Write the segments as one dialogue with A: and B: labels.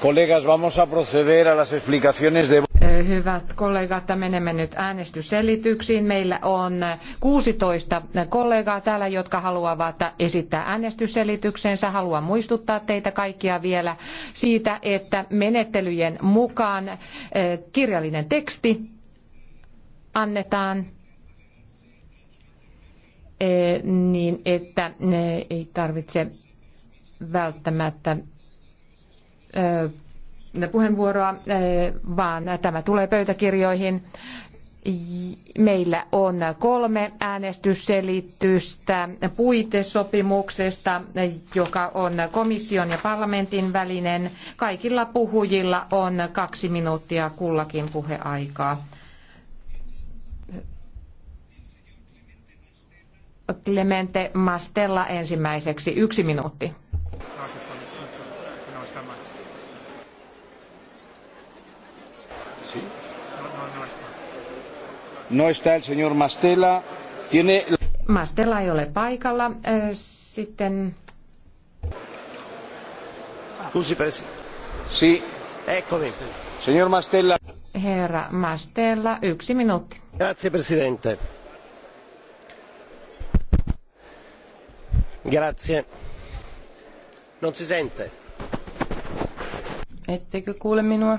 A: Kollegas, vamos a proceder a las explicaciones de...
B: Eh, hyvät kollegat, menemme nyt äänestysselityksiin. Meillä on 16 kollegaa täällä, jotka haluavat esittää äänestysselityksensä. Haluan muistuttaa teitä kaikkia vielä siitä, että menettelyjen mukaan eh, kirjallinen teksti annetaan eh, niin, että ne ei tarvitse välttämättä puheenvuoroa, vaan tämä tulee pöytäkirjoihin. Meillä on kolme äänestysselitystä puitesopimuksesta, joka on komission ja parlamentin välinen. Kaikilla puhujilla on kaksi minuuttia kullakin puheaikaa. Clemente Mastella ensimmäiseksi yksi minuutti.
A: No está el señor Mastella. Tiene...
B: Mastella ei ole paikalla. Sitten...
A: Scusi, Si. Eccomi. Signor Mastella.
B: Herra Mastella, yksi minuutti.
A: Grazie, Presidente. Grazie. Non si sente. Ettekö kuule minua?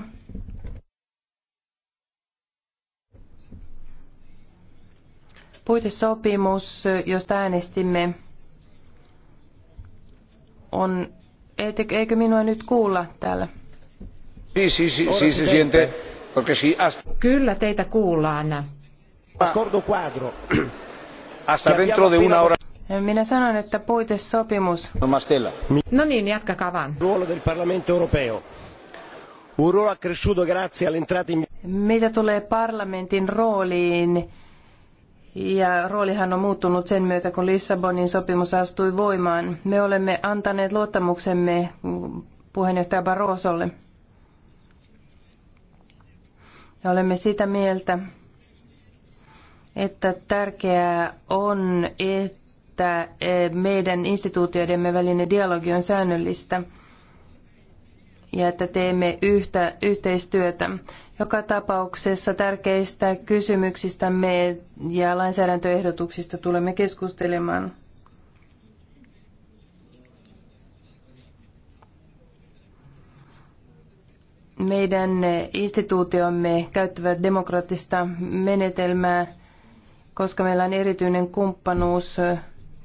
A: Puitesopimus, josta äänestimme, on... Eikö minua nyt kuulla täällä? Kyllä teitä kuullaan. Hasta dentro de una hora. Minä sanon, että puitesopimus. No, no niin, jatkakaa vaan. Ruolo del Parlamento Europeo. Mitä tulee parlamentin rooliin, ja roolihan on muuttunut sen myötä, kun Lissabonin sopimus astui voimaan. Me olemme antaneet luottamuksemme puheenjohtaja Barrosolle. Ja olemme sitä mieltä, että tärkeää on, että e, meidän instituutioidemme välinen dialogi on säännöllistä ja että teemme yhtä, yhteistyötä. Joka tapauksessa tärkeistä kysymyksistämme ja lainsäädäntöehdotuksista tulemme keskustelemaan. Meidän instituutiomme käyttävät demokraattista menetelmää, koska meillä on erityinen kumppanuus,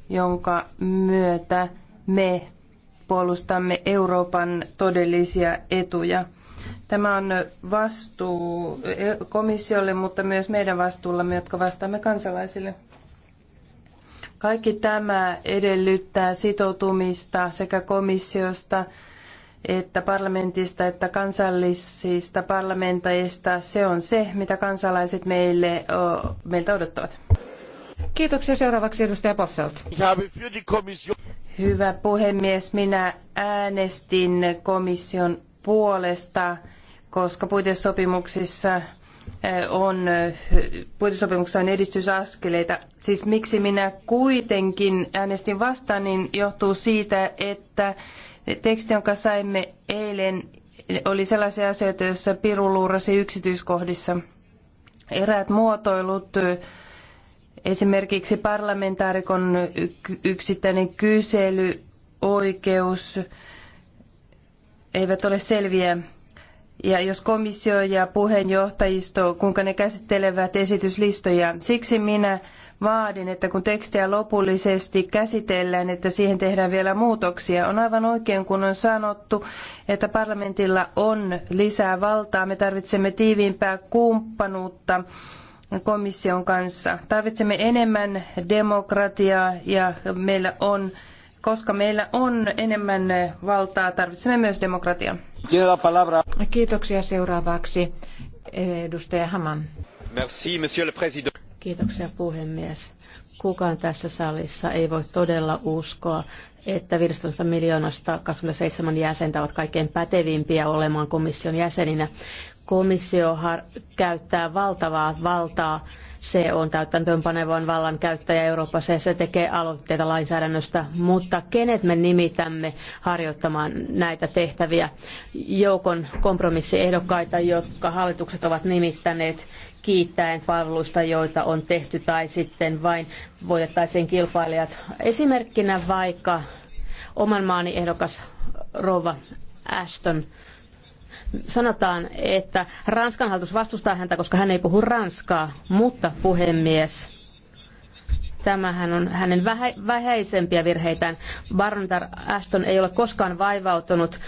A: jonka myötä me puolustamme Euroopan todellisia etuja. Tämä on vastuu e- komissiolle, mutta myös meidän vastuullamme, jotka vastaamme kansalaisille. Kaikki tämä edellyttää sitoutumista sekä komissiosta että parlamentista että kansallisista parlamenteista. Se on se, mitä kansalaiset meille, meiltä odottavat.
B: Kiitoksia. Seuraavaksi edustaja Posselt. Hyvä puhemies,
A: minä äänestin komission puolesta, koska puitesopimuksissa eh, on, puitesopimuksessa on edistysaskeleita. Siis miksi minä kuitenkin äänestin vastaan, niin johtuu siitä, että teksti, jonka saimme eilen, oli sellaisia asioita, joissa Piru luurasi yksityiskohdissa. Eräät muotoilut, esimerkiksi parlamentaarikon yksittäinen kyselyoikeus, oikeus eivät ole selviä. Ja jos komissio ja puheenjohtajisto, kuinka ne käsittelevät esityslistoja. Siksi minä vaadin, että kun tekstiä lopullisesti käsitellään, että siihen tehdään vielä muutoksia. On aivan oikein, kun on sanottu, että parlamentilla on lisää valtaa. Me tarvitsemme tiiviimpää kumppanuutta komission kanssa. Tarvitsemme enemmän demokratiaa ja meillä on koska meillä on enemmän valtaa, tarvitsemme myös demokratiaa. Kiitoksia
C: seuraavaksi eh, edustaja Haman.
A: Merci, monsieur le président.
C: Kiitoksia puhemies. Kukaan tässä salissa ei voi todella uskoa, että 15 miljoonasta 27 jäsentä ovat kaikkein pätevimpiä olemaan komission jäseninä. Komissio käyttää valtavaa valtaa se on täyttäntöönpanevan vallan käyttäjä Euroopassa ja se tekee aloitteita lainsäädännöstä. Mutta kenet me nimitämme harjoittamaan näitä tehtäviä? Joukon kompromissiehdokkaita, jotka hallitukset ovat nimittäneet kiittäen palveluista, joita on tehty, tai sitten vain voitettaisiin kilpailijat. Esimerkkinä vaikka oman maani ehdokas Rova Ashton sanotaan, että Ranskan hallitus vastustaa häntä, koska hän ei puhu ranskaa, mutta puhemies, tämähän on hänen vähäisempiä virheitään. Baronitar Ashton ei ole koskaan vaivautunut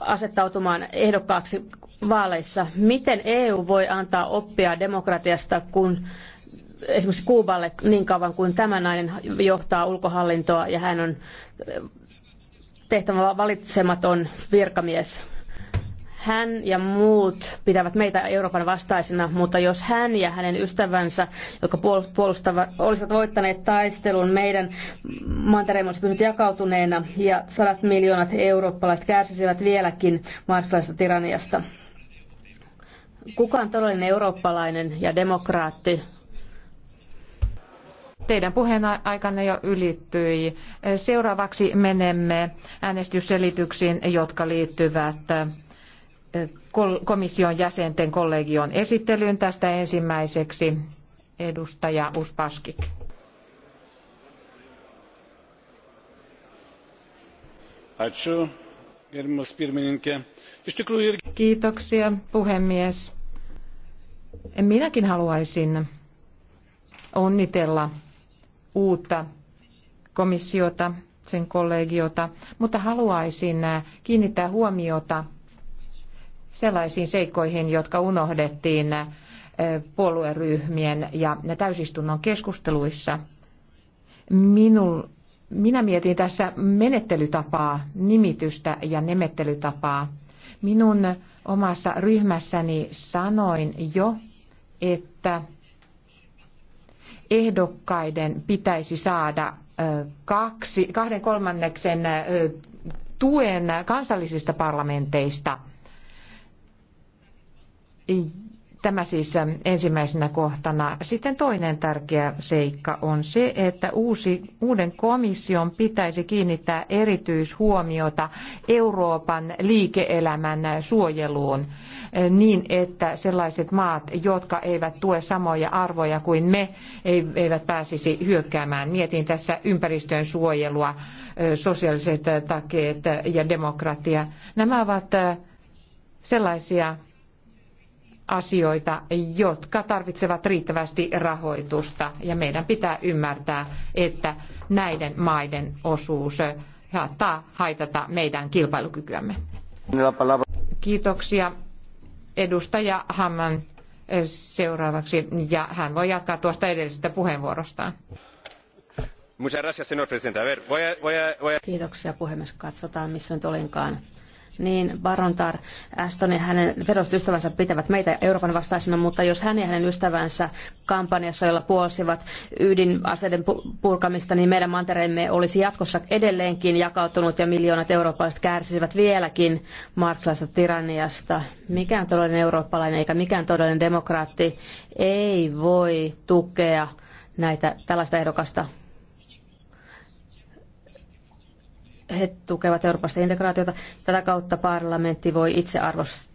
C: asettautumaan ehdokkaaksi vaaleissa. Miten EU voi antaa oppia demokratiasta, kun esimerkiksi Kuuballe niin kauan kuin tämä nainen johtaa ulkohallintoa ja hän on tehtävä valitsematon virkamies? hän ja muut pitävät meitä Euroopan vastaisina, mutta jos hän ja hänen ystävänsä, jotka puolustavat, olisivat voittaneet taistelun, meidän mantereemme olisi pysynyt jakautuneena ja sadat miljoonat eurooppalaiset kärsisivät vieläkin marssilaisesta tyranniasta. Kukaan todellinen eurooppalainen ja demokraatti teidän puheen aikanne jo ylittyi. Seuraavaksi menemme
B: äänestysselityksiin, jotka liittyvät komission jäsenten kollegion esittelyyn. Tästä ensimmäiseksi edustaja Uspaskik. Kiitoksia puhemies. Minäkin haluaisin onnitella uutta komissiota, sen kollegiota, mutta haluaisin kiinnittää huomiota sellaisiin seikkoihin, jotka unohdettiin puolueryhmien ja täysistunnon keskusteluissa. Minul, minä mietin tässä menettelytapaa, nimitystä ja nemettelytapaa Minun omassa ryhmässäni sanoin jo, että ehdokkaiden pitäisi saada kaksi, kahden kolmanneksen tuen kansallisista parlamenteista. Tämä siis ensimmäisenä kohtana. Sitten toinen tärkeä seikka on se, että uusi, uuden komission pitäisi kiinnittää erityishuomiota Euroopan liike-elämän suojeluun niin, että sellaiset maat, jotka eivät tue samoja arvoja kuin me, eivät pääsisi hyökkäämään. Mietin tässä ympäristön suojelua, sosiaaliset takeet ja demokratia. Nämä ovat sellaisia asioita, jotka tarvitsevat riittävästi rahoitusta. Ja meidän pitää ymmärtää, että näiden maiden osuus saattaa haitata meidän kilpailukykyämme. Kiitoksia edustaja Hamman eh, seuraavaksi ja hän voi jatkaa tuosta edellisestä puheenvuorostaan.
C: Kiitoksia puhemies. Katsotaan missä nyt olinkaan niin Tar Aston ja hänen vedost pitävät meitä Euroopan vastaisena, mutta jos hän ja hänen ystävänsä kampanjassa, jolla puolsivat ydinaseiden purkamista, niin meidän mantereemme olisi jatkossa edelleenkin jakautunut ja miljoonat eurooppalaiset kärsisivät vieläkin marksilaista tiranniasta. Mikään todellinen eurooppalainen eikä mikään todellinen demokraatti ei voi tukea näitä tällaista ehdokasta he tukevat Euroopasta integraatiota. Tätä kautta parlamentti voi itse arvostaa,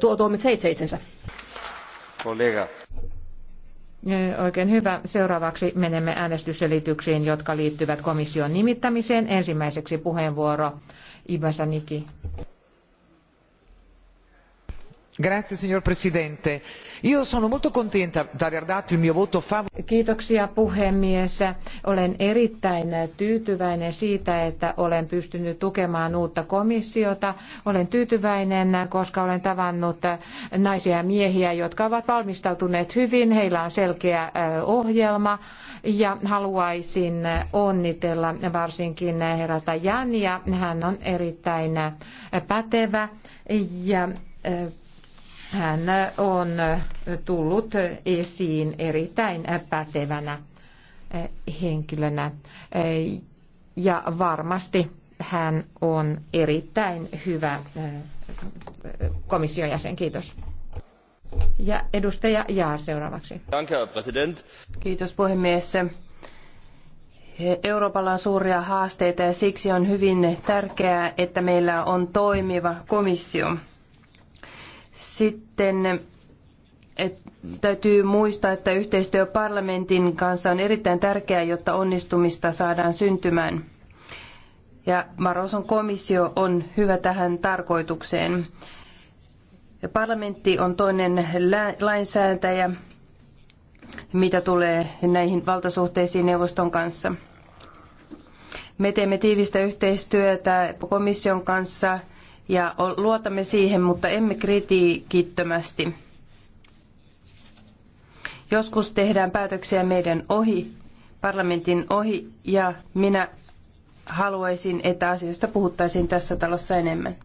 C: tuo, itse itsensä. Kollega. Oikein hyvä. Seuraavaksi
B: menemme äänestysselityksiin, jotka liittyvät komission nimittämiseen. Ensimmäiseksi puheenvuoro Ibasaniki signor presidente io sono molto contenta di aver dato il mio voto favorevole. kiitoksia puhemies olen erittäin tyytyväinen siitä että olen pystynyt tukemaan uutta komissiota olen tyytyväinen koska olen tavannut naisia ja miehiä jotka ovat valmistautuneet hyvin heillä on selkeä ohjelma ja haluaisin onnitella varsinkin herra Tajania hän on erittäin pätevä ja hän on tullut esiin erittäin pätevänä henkilönä ja varmasti hän on erittäin hyvä komission jäsen. Kiitos. Ja edustaja Jaa seuraavaksi. Kiitos puhemies.
A: Euroopalla on suuria haasteita ja siksi on hyvin tärkeää, että meillä on toimiva komissio. Sitten et, täytyy muistaa, että yhteistyö parlamentin kanssa on erittäin tärkeää, jotta onnistumista saadaan syntymään. Ja Maroson komissio on hyvä tähän tarkoitukseen. Parlamentti on toinen lainsäätäjä, mitä tulee näihin valtasuhteisiin neuvoston kanssa. Me teemme tiivistä yhteistyötä komission kanssa ja luotamme siihen, mutta emme kritiikittömästi. Joskus tehdään päätöksiä meidän ohi, parlamentin ohi, ja minä haluaisin, että asioista puhuttaisiin
B: tässä talossa enemmän.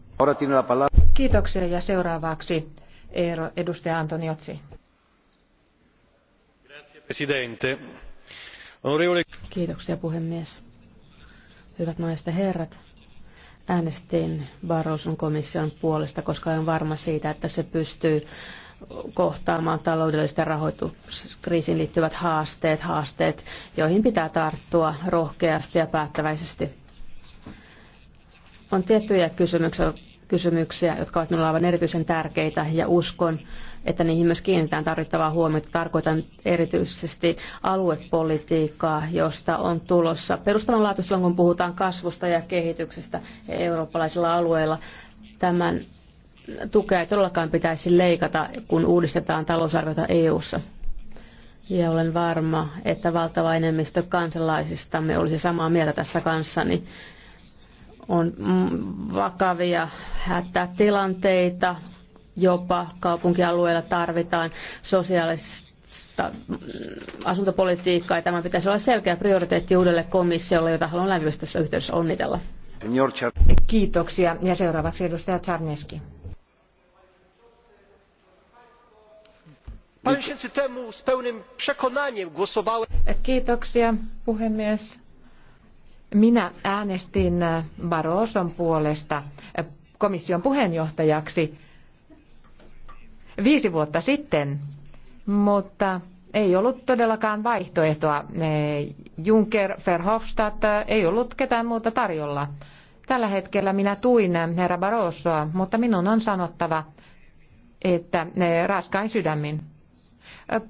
B: Kiitoksia ja seuraavaksi Eero,
C: edustaja Antoniotsi. Kiitoksia puhemies. Hyvät naiset ja herrat äänestin Barroson komission puolesta, koska olen varma siitä, että se pystyy kohtaamaan taloudelliset ja rahoituskriisiin liittyvät haasteet, haasteet, joihin pitää tarttua rohkeasti ja päättäväisesti. On tiettyjä kysymyksiä, kysymyksiä, jotka ovat minulle aivan erityisen tärkeitä ja uskon, että niihin myös kiinnitetään tarvittavaa huomiota. Tarkoitan erityisesti aluepolitiikkaa, josta on tulossa perustavanlaatuista silloin, kun puhutaan kasvusta ja kehityksestä eurooppalaisilla alueilla. Tämän tukea ei todellakaan pitäisi leikata, kun uudistetaan talousarviota EU:ssa. Ja olen varma, että valtava enemmistö kansalaisistamme olisi samaa mieltä tässä kanssani. Niin on mm, vakavia hätätilanteita, jopa kaupunkialueilla tarvitaan sosiaalista mm, asuntopolitiikkaa ja tämä pitäisi olla selkeä prioriteetti uudelle komissiolle, jota haluan lämpimästi tässä yhteydessä onnitella. Kiitoksia ja seuraavaksi edustaja Czarneski.
B: Kiitoksia puhemies minä äänestin äh, Baroson puolesta äh, komission puheenjohtajaksi viisi vuotta sitten, mutta ei ollut todellakaan vaihtoehtoa. Äh, Juncker, Verhofstadt, ei ollut ketään muuta tarjolla. Tällä hetkellä minä tuin herra Barrosoa, mutta minun on sanottava, että raskain sydämin.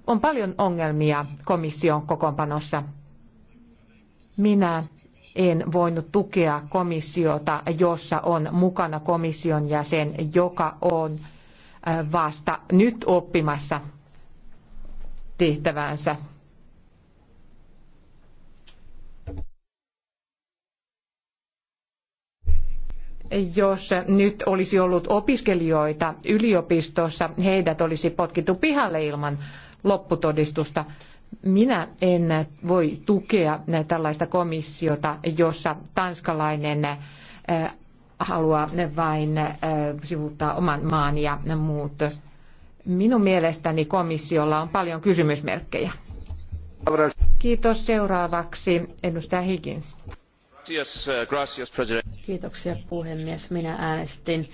B: On paljon ongelmia komission kokoonpanossa. Minä en voinut tukea komissiota, jossa on mukana komission jäsen, joka on äh, vasta nyt oppimassa tehtäväänsä. jos nyt olisi ollut opiskelijoita yliopistossa, heidät olisi potkittu pihalle ilman lopputodistusta. Minä en voi tukea tällaista komissiota, jossa tanskalainen äh, haluaa vain äh, sivuuttaa oman maan ja muut. Minun mielestäni komissiolla on paljon kysymysmerkkejä. Kiitos
C: seuraavaksi edustaja Higgins.
A: Eh,
C: Kiitoksia puhemies. Minä äänestin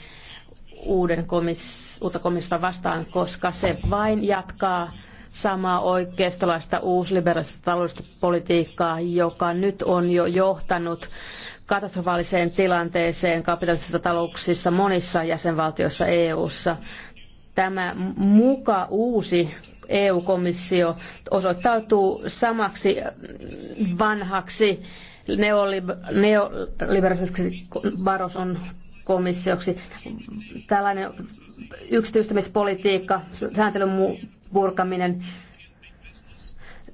C: uuden komiss- uutta komissiota vastaan, koska se vain jatkaa samaa oikeistolaista uusliberalista taloudellista politiikkaa, joka nyt on jo johtanut katastrofaaliseen tilanteeseen kapitalistisissa talouksissa monissa jäsenvaltioissa EU:ssa. Tämä muka uusi EU-komissio osoittautuu samaksi vanhaksi neoliberalismiksi Baroson komissioksi. Tällainen yksityistämispolitiikka, sääntelyn purkaminen.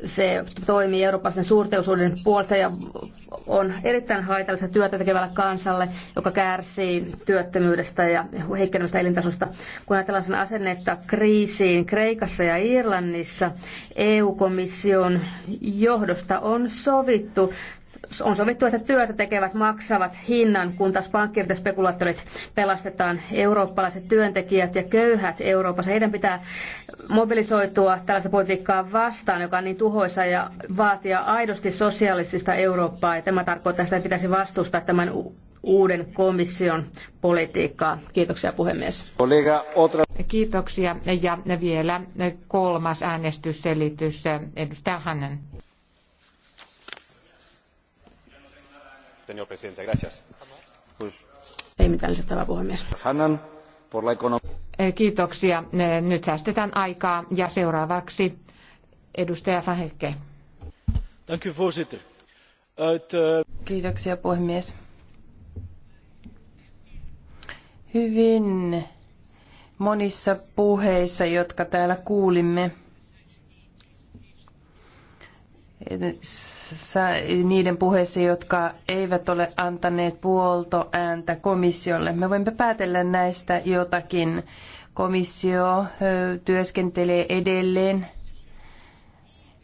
C: Se toimii Euroopan suurteollisuuden puolesta ja on erittäin haitallista työtä tekevällä kansalle, joka kärsii työttömyydestä ja heikkenevästä elintasosta. Kun ajatellaan sen asennetta kriisiin Kreikassa ja Irlannissa, EU-komission johdosta on sovittu on sovittu, että työtä tekevät maksavat hinnan, kun taas pankkirit ja spekulaattorit pelastetaan eurooppalaiset työntekijät ja köyhät Euroopassa. Heidän pitää mobilisoitua tällaista politiikkaa vastaan, joka on niin tuhoisa ja vaatia aidosti sosiaalista Eurooppaa. Ja tämä tarkoittaa, että pitäisi vastustaa tämän uuden komission politiikkaa. Kiitoksia puhemies. Kiitoksia
B: ja vielä kolmas äänestysselitys edustaja Hannan.
A: señor presidente. Gracias.
B: Ei mitään lisättävää, puhemies. Eh, kiitoksia. Eh, nyt säästetään aikaa ja seuraavaksi edustaja Väheke. Eh, kiitoksia puhemies.
A: Hyvin monissa puheissa, jotka täällä kuulimme, niiden puheissa, jotka eivät ole antaneet puoltoääntä komissiolle. Me voimme päätellä näistä jotakin. Komissio työskentelee edelleen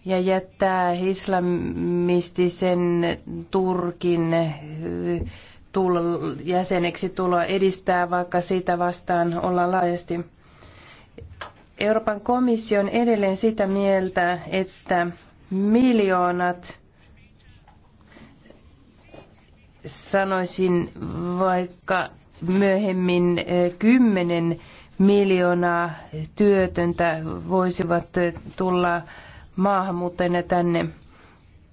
A: ja jättää islamistisen Turkin jäseneksi tuloa edistää, vaikka sitä vastaan ollaan laajasti. Euroopan komissio on edelleen sitä mieltä, että miljoonat, sanoisin vaikka myöhemmin eh, kymmenen miljoonaa työtöntä voisivat eh, tulla maahanmuuttajina tänne.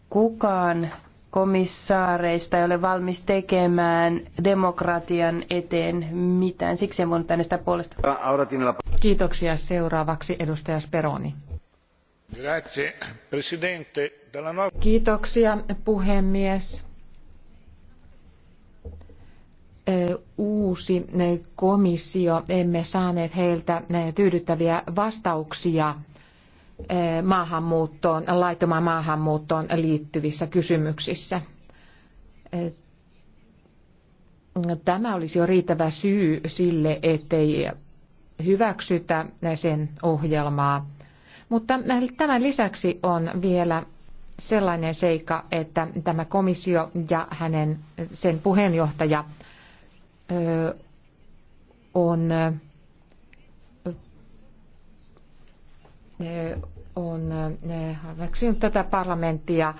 A: Kukaan komissaareista ei ole valmis tekemään demokratian eteen mitään. Siksi en voinut äänestää puolesta. Kiitoksia. Seuraavaksi
B: edustaja Speroni. No- Kiitoksia puhemies. Uusi komissio, emme saaneet heiltä tyydyttäviä vastauksia maahanmuuttoon, laittomaan maahanmuuttoon liittyvissä kysymyksissä. Tämä olisi jo riittävä syy sille, ettei hyväksytä sen ohjelmaa mutta tämän lisäksi on vielä sellainen seikka, että tämä komissio ja hänen sen puheenjohtaja on, on halveksinut tätä parlamenttia,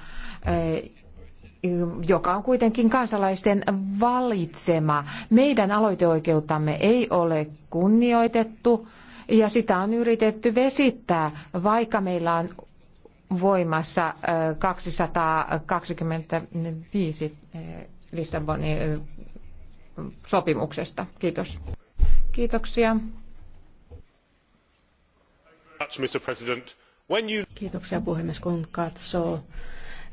B: joka on kuitenkin kansalaisten valitsema. Meidän aloiteoikeutamme ei ole kunnioitettu ja sitä on yritetty vesittää, vaikka meillä on voimassa 225 Lissabonin sopimuksesta. Kiitos. Kiitoksia.
C: Kiitoksia puhemies, kun katsoo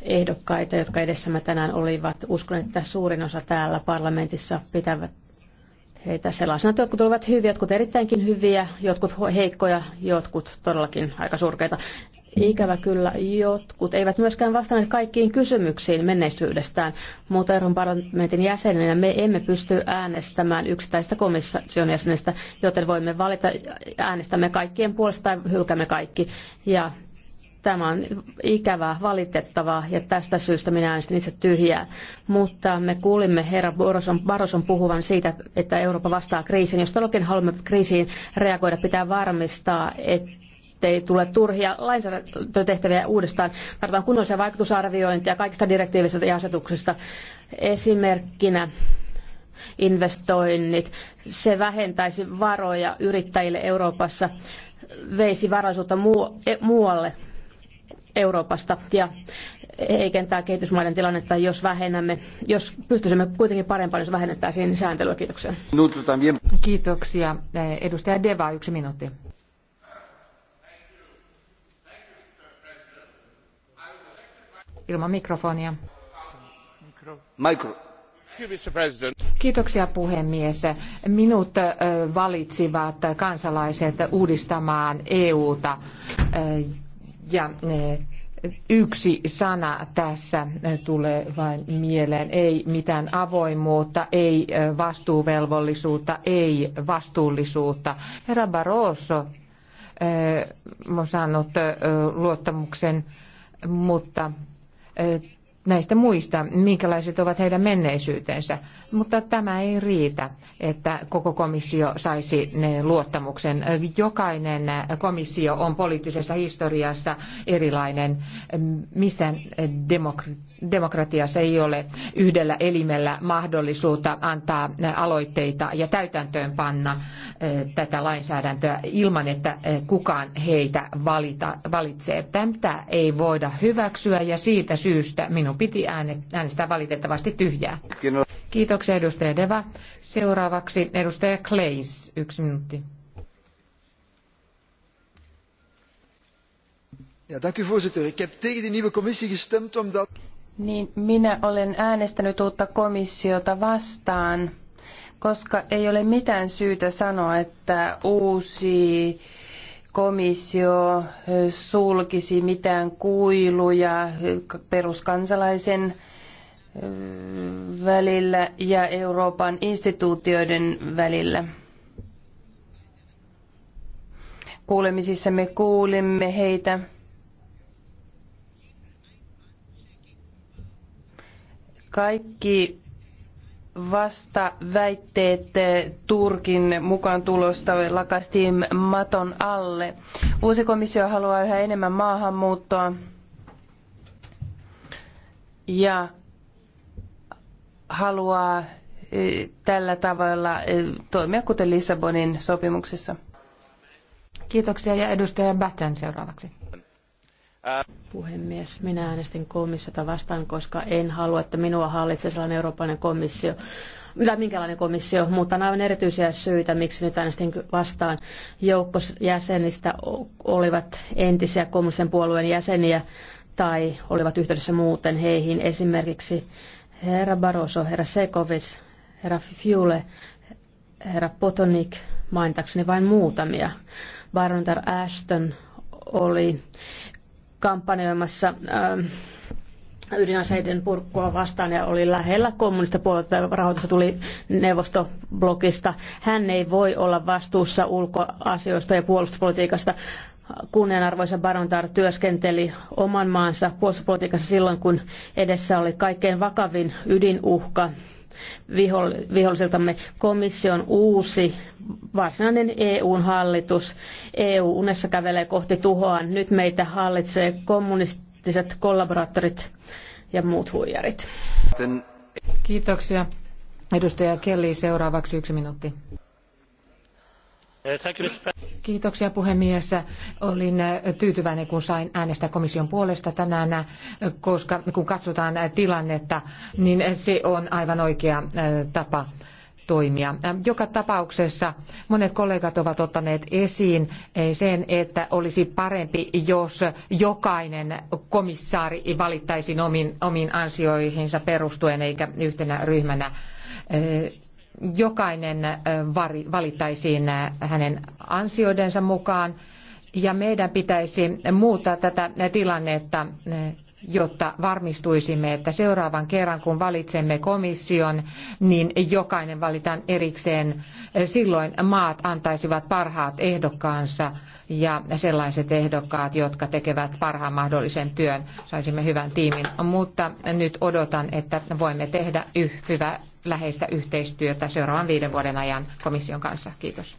C: ehdokkaita, jotka edessämme tänään olivat. Uskon, että suurin osa täällä parlamentissa pitävät heitä sellaisena, että jotkut olivat hyviä, jotkut erittäinkin hyviä, jotkut heikkoja, jotkut todellakin aika surkeita. Ikävä kyllä, jotkut eivät myöskään vastanneet kaikkiin kysymyksiin menneisyydestään, mutta Euroopan parlamentin jäsenenä me emme pysty äänestämään yksittäistä komission jäsenestä, joten voimme valita äänestämme kaikkien puolesta tai hylkäämme kaikki. Ja Tämä on ikävää, valitettavaa ja tästä syystä minä äänestin itse tyhjää. Mutta me kuulimme herra Boroson, Baroson puhuvan siitä, että Eurooppa vastaa kriisiin. Jos todellakin haluamme kriisiin reagoida, pitää varmistaa, että ettei tule turhia lainsäädäntötehtäviä uudestaan. Tarvitaan kunnollisia vaikutusarviointia kaikista direktiivisistä ja asetuksista. Esimerkkinä investoinnit. Se vähentäisi varoja yrittäjille Euroopassa, veisi varaisuutta e- muualle Euroopasta ja heikentää kehitysmaiden tilannetta, jos vähennämme, jos pystyisimme kuitenkin parempaan, jos vähennettäisiin sääntelyä. Kiitoksia. Kiitoksia. Eh, edustaja Deva, yksi minuutti.
B: Ilman mikrofonia. Mikro. Kiitoksia puhemies. Minut eh, valitsivat kansalaiset uudistamaan EUta eh, ja e, yksi sana tässä tulee vain mieleen. Ei mitään avoimuutta, ei e, vastuuvelvollisuutta, ei vastuullisuutta. Herra Barroso e, on saanut luottamuksen, mutta näistä muista, minkälaiset ovat heidän menneisyytensä. Mutta tämä ei riitä, että koko komissio saisi luottamuksen. Jokainen komissio on poliittisessa historiassa erilainen. missä demokratiassa ei ole yhdellä elimellä mahdollisuutta antaa aloitteita ja täytäntöön panna eh, tätä lainsäädäntöä ilman, että eh, kukaan heitä valita, valitsee. Tämä ei voida hyväksyä ja siitä syystä minun piti äänestää valitettavasti tyhjää. Kiitoksia edustaja Deva. Seuraavaksi edustaja Kleis, yksi minuutti. Ja, dank u voorzitter. Ik heb tegen de nieuwe commissie gestemd omdat...
A: Niin, minä olen äänestänyt uutta komissiota vastaan, koska ei ole mitään syytä sanoa, että uusi komissio eh, sulkisi mitään kuiluja eh, peruskansalaisen eh, välillä ja Euroopan instituutioiden välillä. Kuulemisissa me kuulimme heitä. Kaikki vasta väitteet Turkin mukaan tulosta lakastiin maton alle. Uusi komissio haluaa yhä enemmän maahanmuuttoa ja haluaa eh, tällä tavalla eh, toimia kuten Lissabonin sopimuksessa. Kiitoksia ja
C: edustaja Batten seuraavaksi. Puhemies, minä äänestin komissiota vastaan, koska en halua, että minua hallitsee sellainen eurooppalainen komissio, tai minkälainen komissio, mutta on aivan erityisiä syitä, miksi nyt äänestin vastaan. Joukko jäsenistä olivat entisiä kommunisten puolueen jäseniä tai olivat yhteydessä muuten heihin, esimerkiksi herra Barroso, herra Sekovis, herra Fiule, herra Potonik, mainitakseni vain muutamia. Baronatar Ashton oli kampanjoimassa ähm, ydinaseiden purkua vastaan ja oli lähellä kommunista ja Rahoitusta tuli neuvostoblogista. Hän ei voi olla vastuussa ulkoasioista ja puolustuspolitiikasta. Kunnianarvoisa Barontar työskenteli oman maansa puolustuspolitiikassa silloin, kun edessä oli kaikkein vakavin ydinuhka vihollisiltamme. Komission uusi varsinainen EUn hallitus. EU unessa kävelee kohti tuhoaan. Nyt meitä hallitsee kommunistiset kollaboraattorit ja muut huijarit. Kiitoksia. Edustaja Kelly,
B: seuraavaksi yksi minuutti. Kiitoksia puhemies. Olin tyytyväinen, kun sain äänestää komission puolesta tänään, koska kun katsotaan tilannetta, niin se on aivan oikea tapa toimia. Joka tapauksessa monet kollegat ovat ottaneet esiin sen, että olisi parempi, jos jokainen komissaari valittaisiin omiin, omiin ansioihinsa perustuen eikä yhtenä ryhmänä jokainen valittaisiin hänen ansioidensa mukaan. Ja meidän pitäisi muuttaa tätä tilannetta, jotta varmistuisimme, että seuraavan kerran kun valitsemme komission, niin jokainen valitaan erikseen. Silloin maat antaisivat parhaat ehdokkaansa ja sellaiset ehdokkaat, jotka tekevät parhaan mahdollisen työn, saisimme hyvän tiimin. Mutta nyt odotan, että voimme tehdä hyvää läheistä yhteistyötä seuraavan viiden vuoden ajan komission kanssa. Kiitos.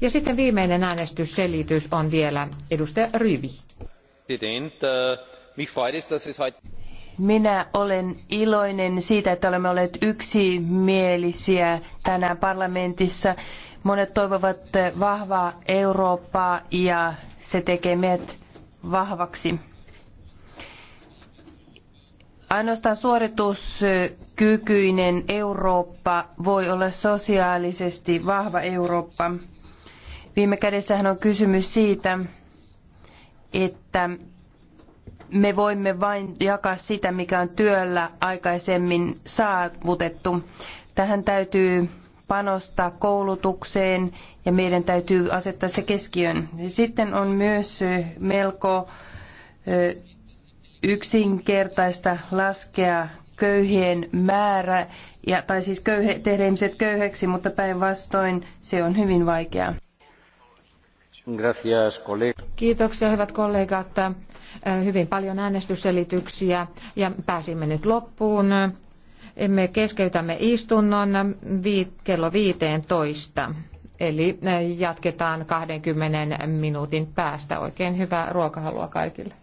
B: Ja sitten viimeinen äänestysselitys on vielä edustaja Ryvi.
C: Äh,
A: Minä olen iloinen siitä, että olemme olleet yksimielisiä tänään parlamentissa. Monet toivovat vahvaa Eurooppaa ja se tekee meidät vahvaksi. Ainoastaan suorituskykyinen Eurooppa voi olla sosiaalisesti vahva Eurooppa. Viime kädessähän on kysymys siitä, että me voimme vain jakaa sitä, mikä on työllä aikaisemmin saavutettu. Tähän täytyy panostaa koulutukseen ja meidän täytyy asettaa se keskiön. Sitten on myös melko yksinkertaista laskea köyhien määrä, ja, tai siis köyhe, tehdä ihmiset köyhäksi,
B: mutta päinvastoin se on hyvin vaikeaa. Kiitoksia hyvät kollegat. Hyvin paljon äänestysselityksiä ja pääsimme nyt loppuun. Me keskeytämme istunnon kello 15. Eli jatketaan 20 minuutin päästä. Oikein hyvää ruokahalua kaikille.